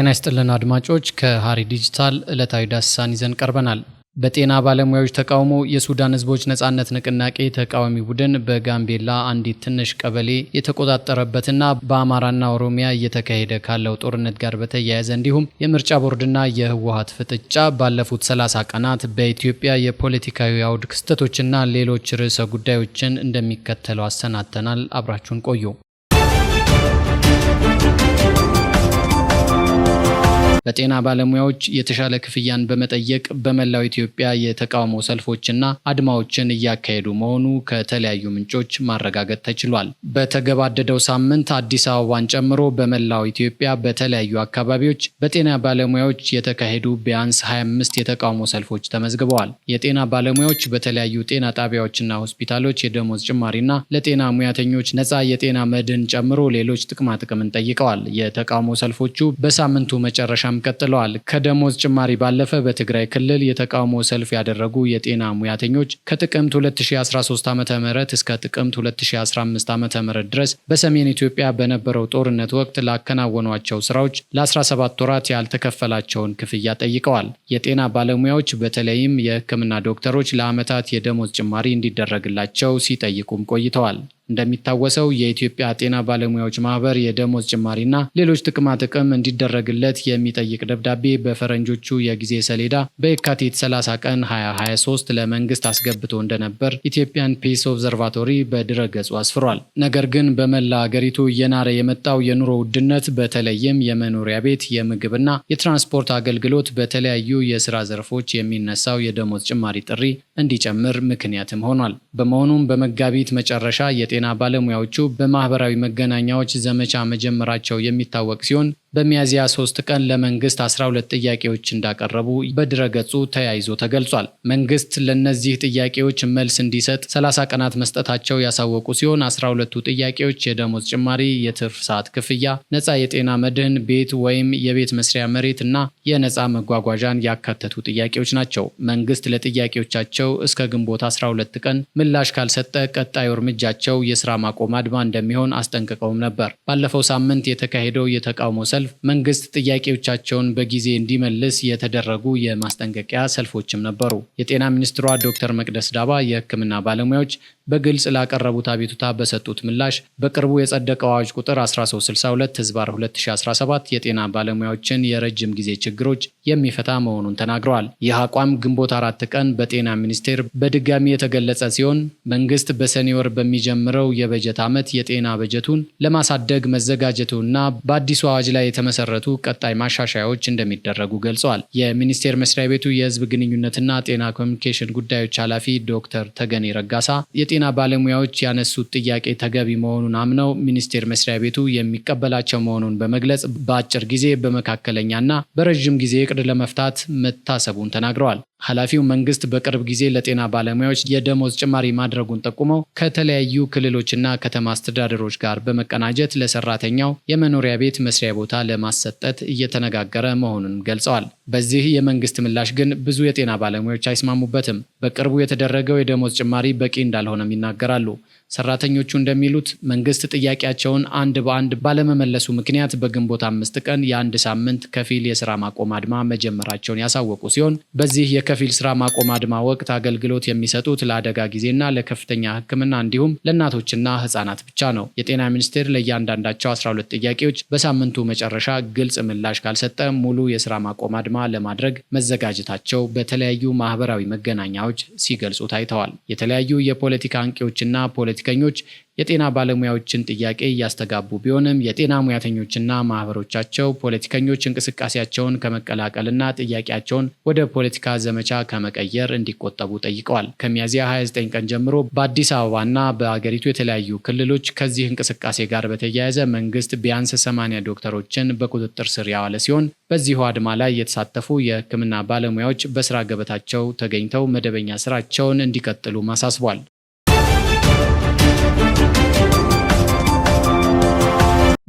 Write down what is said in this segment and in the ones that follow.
ጤና ይስጥልን አድማጮች፣ ከሓሪ ዲጂታል ዕለታዊ ዳሰሳን ይዘን ቀርበናል። በጤና ባለሙያዎች ተቃውሞ የሱዳን ሕዝቦች ነጻነት ንቅናቄ ተቃዋሚ ቡድን በጋምቤላ አንዲት ትንሽ ቀበሌ የተቆጣጠረበትና በአማራና ኦሮሚያ እየተካሄደ ካለው ጦርነት ጋር በተያያዘ እንዲሁም የምርጫ ቦርድና የህወሀት ፍጥጫ ባለፉት 30 ቀናት በኢትዮጵያ የፖለቲካዊ አውድ ክስተቶችና ሌሎች ርዕሰ ጉዳዮችን እንደሚከተለው አሰናድተናል። አብራችሁን ቆዩ። በጤና ባለሙያዎች የተሻለ ክፍያን በመጠየቅ በመላው ኢትዮጵያ የተቃውሞ ሰልፎችና አድማዎችን እያካሄዱ መሆኑ ከተለያዩ ምንጮች ማረጋገጥ ተችሏል። በተገባደደው ሳምንት አዲስ አበባን ጨምሮ በመላው ኢትዮጵያ በተለያዩ አካባቢዎች በጤና ባለሙያዎች የተካሄዱ ቢያንስ 25 የተቃውሞ ሰልፎች ተመዝግበዋል። የጤና ባለሙያዎች በተለያዩ ጤና ጣቢያዎችና ሆስፒታሎች የደሞዝ ጭማሪና ለጤና ሙያተኞች ነጻ የጤና መድን ጨምሮ ሌሎች ጥቅማ ጥቅምን ጠይቀዋል። የተቃውሞ ሰልፎቹ በሳምንቱ መጨረሻ ሁኔታም ቀጥለዋል። ከደሞዝ ጭማሪ ባለፈ በትግራይ ክልል የተቃውሞ ሰልፍ ያደረጉ የጤና ሙያተኞች ከጥቅምት 2013 ዓ.ም እስከ ጥቅምት 2015 ዓ.ም ድረስ በሰሜን ኢትዮጵያ በነበረው ጦርነት ወቅት ላከናወኗቸው ስራዎች ለ17 ወራት ያልተከፈላቸውን ክፍያ ጠይቀዋል። የጤና ባለሙያዎች በተለይም የሕክምና ዶክተሮች ለዓመታት የደሞዝ ጭማሪ እንዲደረግላቸው ሲጠይቁም ቆይተዋል። እንደሚታወሰው የኢትዮጵያ ጤና ባለሙያዎች ማህበር የደሞዝ ጭማሪና ሌሎች ጥቅማ ጥቅም እንዲደረግለት የሚጠይቅ ደብዳቤ በፈረንጆቹ የጊዜ ሰሌዳ በየካቲት 30 ቀን 2023 ለመንግስት አስገብቶ እንደነበር ኢትዮጵያን ፒስ ኦብዘርቫቶሪ በድረገጹ አስፍሯል። ነገር ግን በመላ አገሪቱ እየናረ የመጣው የኑሮ ውድነት በተለይም የመኖሪያ ቤት፣ የምግብና የትራንስፖርት አገልግሎት በተለያዩ የስራ ዘርፎች የሚነሳው የደሞዝ ጭማሪ ጥሪ እንዲጨምር ምክንያትም ሆኗል። በመሆኑም በመጋቢት መጨረሻ የጤ የጤና ባለሙያዎቹ በማህበራዊ መገናኛዎች ዘመቻ መጀመራቸው የሚታወቅ ሲሆን በሚያዝያ ሶስት ቀን ለመንግስት 12 ጥያቄዎች እንዳቀረቡ በድረገጹ ተያይዞ ተገልጿል። መንግስት ለእነዚህ ጥያቄዎች መልስ እንዲሰጥ 30 ቀናት መስጠታቸው ያሳወቁ ሲሆን 12ቱ ጥያቄዎች የደሞዝ ጭማሪ፣ የትርፍ ሰዓት ክፍያ፣ ነፃ የጤና መድህን፣ ቤት ወይም የቤት መስሪያ መሬት እና የነፃ መጓጓዣን ያካተቱ ጥያቄዎች ናቸው። መንግስት ለጥያቄዎቻቸው እስከ ግንቦት 12 ቀን ምላሽ ካልሰጠ ቀጣዩ እርምጃቸው የስራ ማቆም አድማ እንደሚሆን አስጠንቅቀውም ነበር። ባለፈው ሳምንት የተካሄደው የተቃውሞ ሰልፍ ሰልፍ መንግስት ጥያቄዎቻቸውን በጊዜ እንዲመልስ የተደረጉ የማስጠንቀቂያ ሰልፎችም ነበሩ። የጤና ሚኒስትሯ ዶክተር መቅደስ ዳባ የህክምና ባለሙያዎች በግልጽ ላቀረቡት አቤቱታ በሰጡት ምላሽ በቅርቡ የጸደቀው አዋጅ ቁጥር 1362 ህዝባር 2017 የጤና ባለሙያዎችን የረጅም ጊዜ ችግሮች የሚፈታ መሆኑን ተናግረዋል። ይህ አቋም ግንቦት አራት ቀን በጤና ሚኒስቴር በድጋሚ የተገለጸ ሲሆን መንግስት በሰኔ ወር በሚጀምረው የበጀት ዓመት የጤና በጀቱን ለማሳደግ መዘጋጀቱና በአዲሱ አዋጅ ላይ የተመሰረቱ ቀጣይ ማሻሻያዎች እንደሚደረጉ ገልጸዋል። የሚኒስቴር መስሪያ ቤቱ የህዝብ ግንኙነትና ጤና ኮሚኒኬሽን ጉዳዮች ኃላፊ ዶክተር ተገኔ ረጋሳ የጤና ባለሙያዎች ያነሱት ጥያቄ ተገቢ መሆኑን አምነው ሚኒስቴር መስሪያ ቤቱ የሚቀበላቸው መሆኑን በመግለጽ በአጭር ጊዜ በመካከለኛና በረዥም ጊዜ እቅድ ለመፍታት መታሰቡን ተናግረዋል። ኃላፊው መንግስት በቅርብ ጊዜ ለጤና ባለሙያዎች የደሞዝ ጭማሪ ማድረጉን ጠቁመው ከተለያዩ ክልሎችና ከተማ አስተዳደሮች ጋር በመቀናጀት ለሰራተኛው የመኖሪያ ቤት መስሪያ ቦታ ለማሰጠት እየተነጋገረ መሆኑንም ገልጸዋል። በዚህ የመንግስት ምላሽ ግን ብዙ የጤና ባለሙያዎች አይስማሙበትም። በቅርቡ የተደረገው የደሞዝ ጭማሪ በቂ እንዳልሆነም ይናገራሉ። ሰራተኞቹ እንደሚሉት መንግስት ጥያቄያቸውን አንድ በአንድ ባለመመለሱ ምክንያት በግንቦት አምስት ቀን የአንድ ሳምንት ከፊል የስራ ማቆም አድማ መጀመራቸውን ያሳወቁ ሲሆን በዚህ የከፊል ስራ ማቆም አድማ ወቅት አገልግሎት የሚሰጡት ለአደጋ ጊዜና ለከፍተኛ ሕክምና እንዲሁም ለእናቶችና ህጻናት ብቻ ነው። የጤና ሚኒስቴር ለእያንዳንዳቸው 12 ጥያቄዎች በሳምንቱ መጨረሻ ግልጽ ምላሽ ካልሰጠ ሙሉ የስራ ማቆም አድማ ለማድረግ መዘጋጀታቸው በተለያዩ ማህበራዊ መገናኛዎች ሲገልጹ ታይተዋል። የተለያዩ የፖለቲካ አንቂዎችና ፖለቲከኞች የጤና ባለሙያዎችን ጥያቄ እያስተጋቡ ቢሆንም የጤና ሙያተኞችና ማህበሮቻቸው ፖለቲከኞች እንቅስቃሴያቸውን ከመቀላቀልና ጥያቄያቸውን ወደ ፖለቲካ ዘመቻ ከመቀየር እንዲቆጠቡ ጠይቀዋል። ከሚያዝያ 29 ቀን ጀምሮ በአዲስ አበባና በአገሪቱ የተለያዩ ክልሎች ከዚህ እንቅስቃሴ ጋር በተያያዘ መንግስት ቢያንስ 80 ዶክተሮችን በቁጥጥር ስር ያዋለ ሲሆን በዚሁ አድማ ላይ የተሳተፉ የሕክምና ባለሙያዎች በስራ ገበታቸው ተገኝተው መደበኛ ስራቸውን እንዲቀጥሉ ማሳስቧል።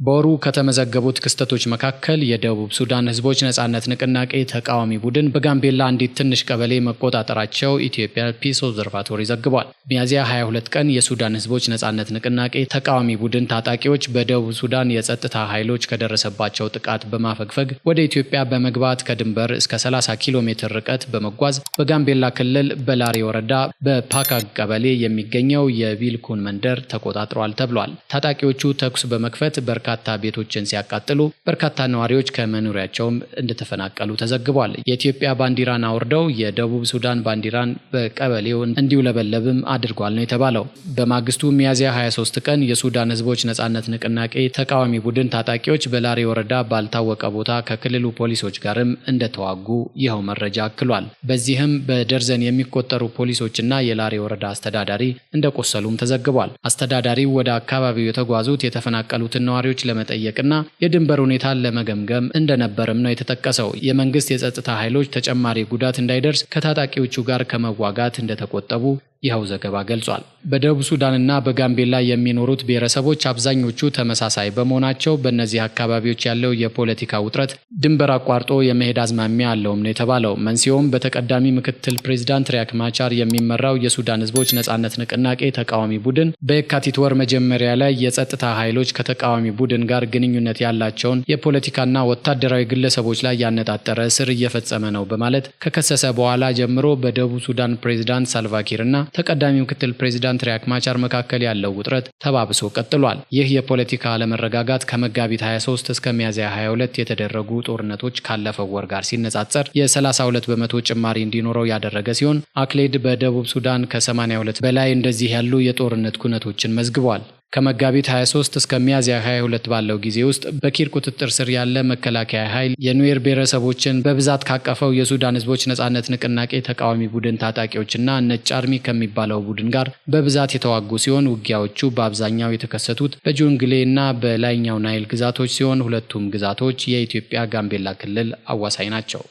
በወሩ ከተመዘገቡት ክስተቶች መካከል የደቡብ ሱዳን ህዝቦች ነጻነት ንቅናቄ ተቃዋሚ ቡድን በጋምቤላ አንዲት ትንሽ ቀበሌ መቆጣጠራቸው ኢትዮጵያ ፒስ ኦብዘርቫቶሪ ዘግቧል። ሚያዝያ 22 ቀን የሱዳን ህዝቦች ነጻነት ንቅናቄ ተቃዋሚ ቡድን ታጣቂዎች በደቡብ ሱዳን የጸጥታ ኃይሎች ከደረሰባቸው ጥቃት በማፈግፈግ ወደ ኢትዮጵያ በመግባት ከድንበር እስከ 30 ኪሎ ሜትር ርቀት በመጓዝ በጋምቤላ ክልል በላሬ ወረዳ በፓካግ ቀበሌ የሚገኘው የቢልኩን መንደር ተቆጣጥሯል ተብሏል። ታጣቂዎቹ ተኩስ በመክፈት በርካ በርካታ ቤቶችን ሲያቃጥሉ በርካታ ነዋሪዎች ከመኖሪያቸውም እንደተፈናቀሉ ተዘግቧል። የኢትዮጵያ ባንዲራን አውርደው የደቡብ ሱዳን ባንዲራን በቀበሌው እንዲውለበለብም አድርጓል ነው የተባለው። በማግስቱ ሚያዝያ 23 ቀን የሱዳን ህዝቦች ነጻነት ንቅናቄ ተቃዋሚ ቡድን ታጣቂዎች በላሬ ወረዳ ባልታወቀ ቦታ ከክልሉ ፖሊሶች ጋርም እንደተዋጉ ይኸው መረጃ አክሏል። በዚህም በደርዘን የሚቆጠሩ ፖሊሶችና የላሬ ወረዳ አስተዳዳሪ እንደቆሰሉም ተዘግቧል። አስተዳዳሪው ወደ አካባቢው የተጓዙት የተፈናቀሉትን ነዋሪዎች ጥያቄዎች ለመጠየቅና የድንበር ሁኔታን ለመገምገም እንደነበረም ነው የተጠቀሰው። የመንግስት የጸጥታ ኃይሎች ተጨማሪ ጉዳት እንዳይደርስ ከታጣቂዎቹ ጋር ከመዋጋት እንደተቆጠቡ ይኸው ዘገባ ገልጿል። በደቡብ ሱዳንና በጋምቤላ የሚኖሩት ብሔረሰቦች አብዛኞቹ ተመሳሳይ በመሆናቸው በእነዚህ አካባቢዎች ያለው የፖለቲካ ውጥረት ድንበር አቋርጦ የመሄድ አዝማሚያ አለውም ነው የተባለው። መንስኤውም በተቀዳሚ ምክትል ፕሬዚዳንት ሪያክ ማቻር የሚመራው የሱዳን ሕዝቦች ነጻነት ንቅናቄ ተቃዋሚ ቡድን በየካቲት ወር መጀመሪያ ላይ የጸጥታ ኃይሎች ከተቃዋሚ ቡድን ጋር ግንኙነት ያላቸውን የፖለቲካና ወታደራዊ ግለሰቦች ላይ ያነጣጠረ እስር እየፈጸመ ነው በማለት ከከሰሰ በኋላ ጀምሮ በደቡብ ሱዳን ፕሬዚዳንት ሳልቫኪርና ተቀዳሚ ምክትል ፕሬዚዳንት ሪያክ ማቻር መካከል ያለው ውጥረት ተባብሶ ቀጥሏል። ይህ የፖለቲካ አለመረጋጋት ከመጋቢት 23 እስከ ሚያዝያ 22 የተደረጉ ጦርነቶች ካለፈው ወር ጋር ሲነጻጸር የ32 በመቶ ጭማሪ እንዲኖረው ያደረገ ሲሆን አክሌድ በደቡብ ሱዳን ከ82 በላይ እንደዚህ ያሉ የጦርነት ኩነቶችን መዝግቧል። ከመጋቢት 23 እስከ ሚያዝያ 22 ባለው ጊዜ ውስጥ በኪር ቁጥጥር ስር ያለ መከላከያ ኃይል የኑዌር ብሔረሰቦችን በብዛት ካቀፈው የሱዳን ሕዝቦች ነጻነት ንቅናቄ ተቃዋሚ ቡድን ታጣቂዎችና ነጭ አርሚ ከሚባለው ቡድን ጋር በብዛት የተዋጉ ሲሆን ውጊያዎቹ በአብዛኛው የተከሰቱት በጆንግሌ እና በላይኛው ናይል ግዛቶች ሲሆን ሁለቱም ግዛቶች የኢትዮጵያ ጋምቤላ ክልል አዋሳኝ ናቸው።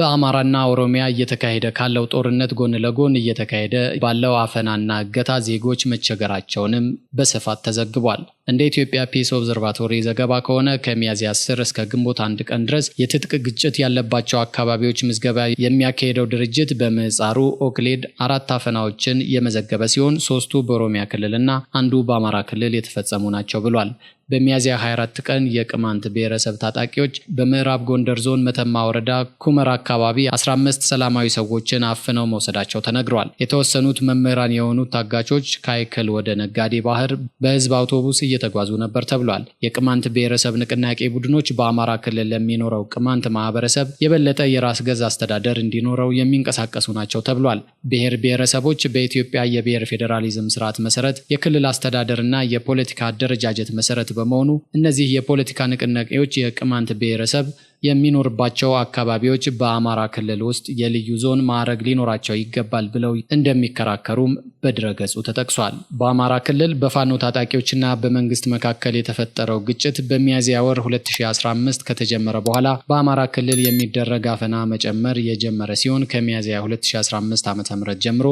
በአማራና ኦሮሚያ እየተካሄደ ካለው ጦርነት ጎን ለጎን እየተካሄደ ባለው አፈናና እገታ ዜጎች መቸገራቸውንም በስፋት ተዘግቧል። እንደ ኢትዮጵያ ፒስ ኦብዘርቫቶሪ ዘገባ ከሆነ ከሚያዝያ 10 እስከ ግንቦት አንድ ቀን ድረስ የትጥቅ ግጭት ያለባቸው አካባቢዎች ምዝገባ የሚያካሄደው ድርጅት በምጻሩ ኦክሌድ አራት አፈናዎችን የመዘገበ ሲሆን ሶስቱ በኦሮሚያ ክልልና አንዱ በአማራ ክልል የተፈጸሙ ናቸው ብሏል። በሚያዝያ 24 ቀን የቅማንት ብሔረሰብ ታጣቂዎች በምዕራብ ጎንደር ዞን መተማ ወረዳ ኩመር አካባቢ 15 ሰላማዊ ሰዎችን አፍነው መውሰዳቸው ተነግሯል። የተወሰኑት መምህራን የሆኑት ታጋቾች ከአይክል ወደ ነጋዴ ባህር በህዝብ አውቶቡስ እየተጓዙ ነበር ተብሏል። የቅማንት ብሔረሰብ ንቅናቄ ቡድኖች በአማራ ክልል ለሚኖረው ቅማንት ማህበረሰብ የበለጠ የራስ ገዝ አስተዳደር እንዲኖረው የሚንቀሳቀሱ ናቸው ተብሏል። ብሔር ብሔረሰቦች በኢትዮጵያ የብሔር ፌዴራሊዝም ስርዓት መሰረት የክልል አስተዳደርና የፖለቲካ አደረጃጀት መሰረት በመሆኑ እነዚህ የፖለቲካ ንቅናቄዎች የቅማንት ብሔረሰብ የሚኖርባቸው አካባቢዎች በአማራ ክልል ውስጥ የልዩ ዞን ማዕረግ ሊኖራቸው ይገባል ብለው እንደሚከራከሩም በድረገጹ ተጠቅሷል። በአማራ ክልል በፋኖ ታጣቂዎችና በመንግስት መካከል የተፈጠረው ግጭት በሚያዝያ ወር 2015 ከተጀመረ በኋላ በአማራ ክልል የሚደረግ አፈና መጨመር የጀመረ ሲሆን ከሚያዝያ 2015 ዓ.ም ጀምሮ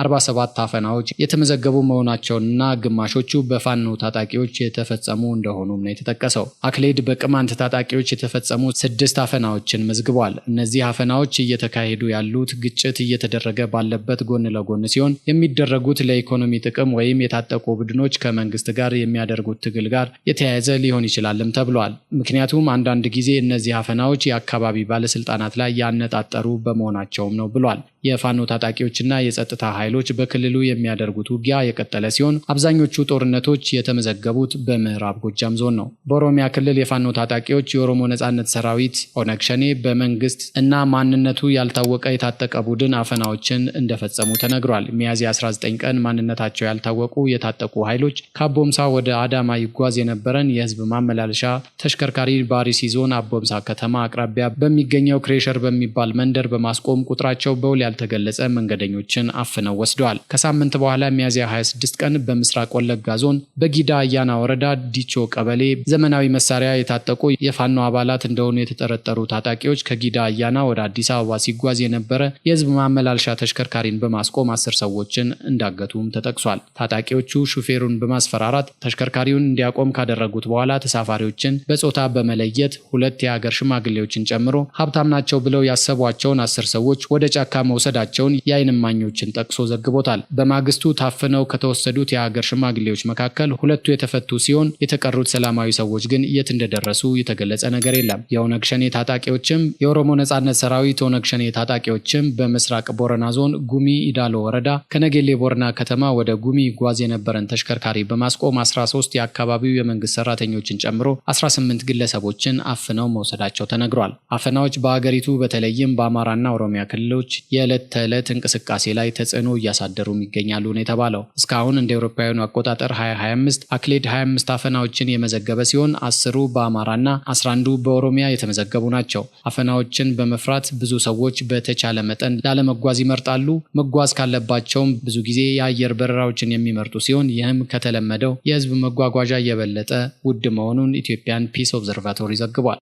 47 አፈናዎች የተመዘገቡ መሆናቸውንና ግማሾቹ በፋኖ ታጣቂዎች የተፈጸሙ እንደሆኑም ነው የተጠቀሰው። አክሌድ በቅማንት ታጣቂዎች የተፈጸሙ ስድስት አፈናዎችን መዝግቧል። እነዚህ አፈናዎች እየተካሄዱ ያሉት ግጭት እየተደረገ ባለበት ጎን ለጎን ሲሆን የሚደረጉት ለኢኮኖሚ ጥቅም ወይም የታጠቁ ቡድኖች ከመንግስት ጋር የሚያደርጉት ትግል ጋር የተያያዘ ሊሆን ይችላልም ተብሏል። ምክንያቱም አንዳንድ ጊዜ እነዚህ አፈናዎች የአካባቢ ባለስልጣናት ላይ ያነጣጠሩ በመሆናቸውም ነው ብሏል። የፋኖ ታጣቂዎችና የጸጥታ ኃይሎች በክልሉ የሚያደርጉት ውጊያ የቀጠለ ሲሆን አብዛኞቹ ጦርነቶች የተመዘገቡት በምዕራብ ጎጃም ዞን ነው። በኦሮሚያ ክልል የፋኖ ታጣቂዎች የኦሮሞ ነጻነት ሰራዊት ኦነግ ሸኔ በመንግስት እና ማንነቱ ያልታወቀ የታጠቀ ቡድን አፈናዎችን እንደፈጸሙ ተነግሯል። ሚያዝያ 19 ቀን ማንነታቸው ያልታወቁ የታጠቁ ኃይሎች ከአቦምሳ ወደ አዳማ ይጓዝ የነበረን የህዝብ ማመላለሻ ተሽከርካሪ ባሪሲዞን ዞን አቦምሳ ከተማ አቅራቢያ በሚገኘው ክሬሸር በሚባል መንደር በማስቆም ቁጥራቸው በውል ያልተገለጸ መንገደኞችን አፍነው ወስደዋል። ከሳምንት በኋላ ሚያዝያ 26 ቀን በምስራቅ ወለጋ ዞን በጊዳ አያና ወረዳ ዲቾ ቀበሌ ዘመናዊ መሳሪያ የታጠቁ የፋኖ አባላት እንደሆኑ የተጠረጠሩ ታጣቂዎች ከጊዳ አያና ወደ አዲስ አበባ ሲጓዝ የነበረ የህዝብ ማመላለሻ ተሽከርካሪን በማስቆም አስር ሰዎችን እንዳገቱም ተጠቅሷል። ታጣቂዎቹ ሹፌሩን በማስፈራራት ተሽከርካሪውን እንዲያቆም ካደረጉት በኋላ ተሳፋሪዎችን በጾታ በመለየት ሁለት የሀገር ሽማግሌዎችን ጨምሮ ሀብታም ናቸው ብለው ያሰቧቸውን አስር ሰዎች ወደ ጫካ መውሰ መውሰዳቸውን የዓይን እማኞችን ጠቅሶ ዘግቦታል። በማግስቱ ታፍነው ከተወሰዱት የሀገር ሽማግሌዎች መካከል ሁለቱ የተፈቱ ሲሆን የተቀሩት ሰላማዊ ሰዎች ግን የት እንደደረሱ የተገለጸ ነገር የለም። የኦነግ ሸኔ ታጣቂዎችም የኦሮሞ ነጻነት ሰራዊት ኦነግ ሸኔ ታጣቂዎችም በምስራቅ ቦረና ዞን ጉሚ ኢዳሎ ወረዳ ከነጌሌ ቦረና ከተማ ወደ ጉሚ ጓዝ የነበረን ተሽከርካሪ በማስቆም 13 የአካባቢው የመንግስት ሰራተኞችን ጨምሮ 18 ግለሰቦችን አፍነው መውሰዳቸው ተነግሯል። አፈናዎች በአገሪቱ በተለይም በአማራና ኦሮሚያ ክልሎች የ የዕለት ተዕለት እንቅስቃሴ ላይ ተጽዕኖ እያሳደሩም ይገኛሉ ነው የተባለው። እስካሁን እንደ አውሮፓውያኑ አቆጣጠር 2025 አክሌድ 25 አፈናዎችን የመዘገበ ሲሆን አስሩ በአማራና 11ዱ በኦሮሚያ የተመዘገቡ ናቸው። አፈናዎችን በመፍራት ብዙ ሰዎች በተቻለ መጠን ላለመጓዝ ይመርጣሉ። መጓዝ ካለባቸውም ብዙ ጊዜ የአየር በረራዎችን የሚመርጡ ሲሆን ይህም ከተለመደው የህዝብ መጓጓዣ የበለጠ ውድ መሆኑን ኢትዮጵያን ፒስ ኦብዘርቫቶሪ ዘግቧል።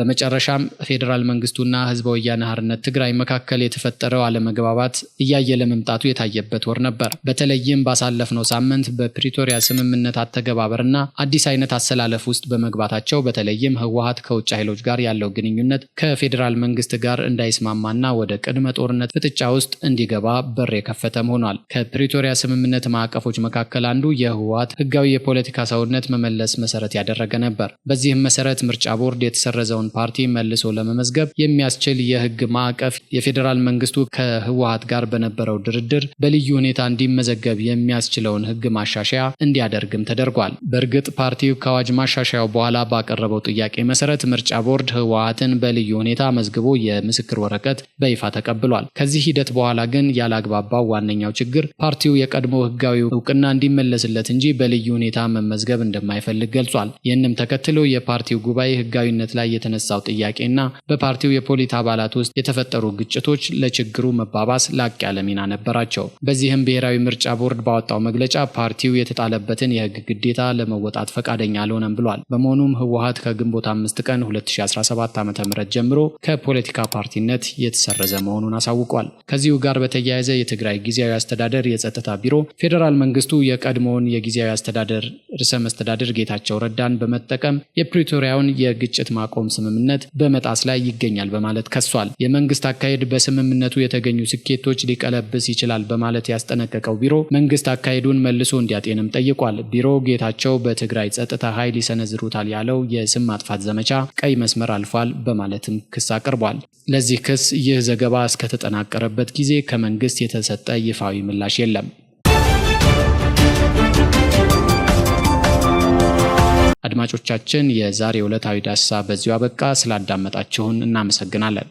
በመጨረሻም ፌዴራል መንግስቱና ህዝበ ወያነ ሓርነት ትግራይ መካከል የተፈጠረው አለመግባባት እያየለ መምጣቱ የታየበት ወር ነበር። በተለይም ባሳለፍነው ሳምንት በፕሪቶሪያ ስምምነት አተገባበርና አዲስ አይነት አሰላለፍ ውስጥ በመግባታቸው በተለይም ህወሀት ከውጭ ኃይሎች ጋር ያለው ግንኙነት ከፌዴራል መንግስት ጋር እንዳይስማማና ወደ ቅድመ ጦርነት ፍጥጫ ውስጥ እንዲገባ በር የከፈተም ሆኗል። ከፕሪቶሪያ ስምምነት ማዕቀፎች መካከል አንዱ የህወሀት ህጋዊ የፖለቲካ ሰውነት መመለስ መሰረት ያደረገ ነበር። በዚህም መሰረት ምርጫ ቦርድ የተሰረዘው የተነሳውን ፓርቲ መልሶ ለመመዝገብ የሚያስችል የህግ ማዕቀፍ የፌዴራል መንግስቱ ከህወሀት ጋር በነበረው ድርድር በልዩ ሁኔታ እንዲመዘገብ የሚያስችለውን ህግ ማሻሻያ እንዲያደርግም ተደርጓል። በእርግጥ ፓርቲው ከአዋጅ ማሻሻያው በኋላ ባቀረበው ጥያቄ መሰረት ምርጫ ቦርድ ህወሀትን በልዩ ሁኔታ መዝግቦ የምስክር ወረቀት በይፋ ተቀብሏል። ከዚህ ሂደት በኋላ ግን ያላግባባው ዋነኛው ችግር ፓርቲው የቀድሞ ህጋዊ እውቅና እንዲመለስለት እንጂ በልዩ ሁኔታ መመዝገብ እንደማይፈልግ ገልጿል። ይህንም ተከትሎ የፓርቲው ጉባኤ ህጋዊነት ላይ የተነሳው ጥያቄና በፓርቲው የፖሊት አባላት ውስጥ የተፈጠሩ ግጭቶች ለችግሩ መባባስ ላቅ ያለ ሚና ነበራቸው። በዚህም ብሔራዊ ምርጫ ቦርድ ባወጣው መግለጫ ፓርቲው የተጣለበትን የህግ ግዴታ ለመወጣት ፈቃደኛ አልሆነም ብሏል። በመሆኑም ህወሀት ከግንቦት አምስት ቀን 2017 ዓ ም ጀምሮ ከፖለቲካ ፓርቲነት የተሰረዘ መሆኑን አሳውቋል። ከዚሁ ጋር በተያያዘ የትግራይ ጊዜያዊ አስተዳደር የጸጥታ ቢሮ ፌዴራል መንግስቱ የቀድሞውን የጊዜያዊ አስተዳደር ርዕሰ መስተዳደር ጌታቸው ረዳን በመጠቀም የፕሪቶሪያውን የግጭት ማቆም ስምምነት በመጣስ ላይ ይገኛል በማለት ከሷል። የመንግስት አካሄድ በስምምነቱ የተገኙ ስኬቶች ሊቀለብስ ይችላል በማለት ያስጠነቀቀው ቢሮ መንግስት አካሄዱን መልሶ እንዲያጤንም ጠይቋል። ቢሮ ጌታቸው በትግራይ ጸጥታ ኃይል ይሰነዝሩታል ያለው የስም ማጥፋት ዘመቻ ቀይ መስመር አልፏል በማለትም ክስ አቅርቧል። ለዚህ ክስ ይህ ዘገባ እስከተጠናቀረበት ጊዜ ከመንግስት የተሰጠ ይፋዊ ምላሽ የለም። አድማጮቻችን፣ የዛሬ ዕለታዊ ዳሰሳ በዚሁ አበቃ። ስላዳመጣችሁን እናመሰግናለን።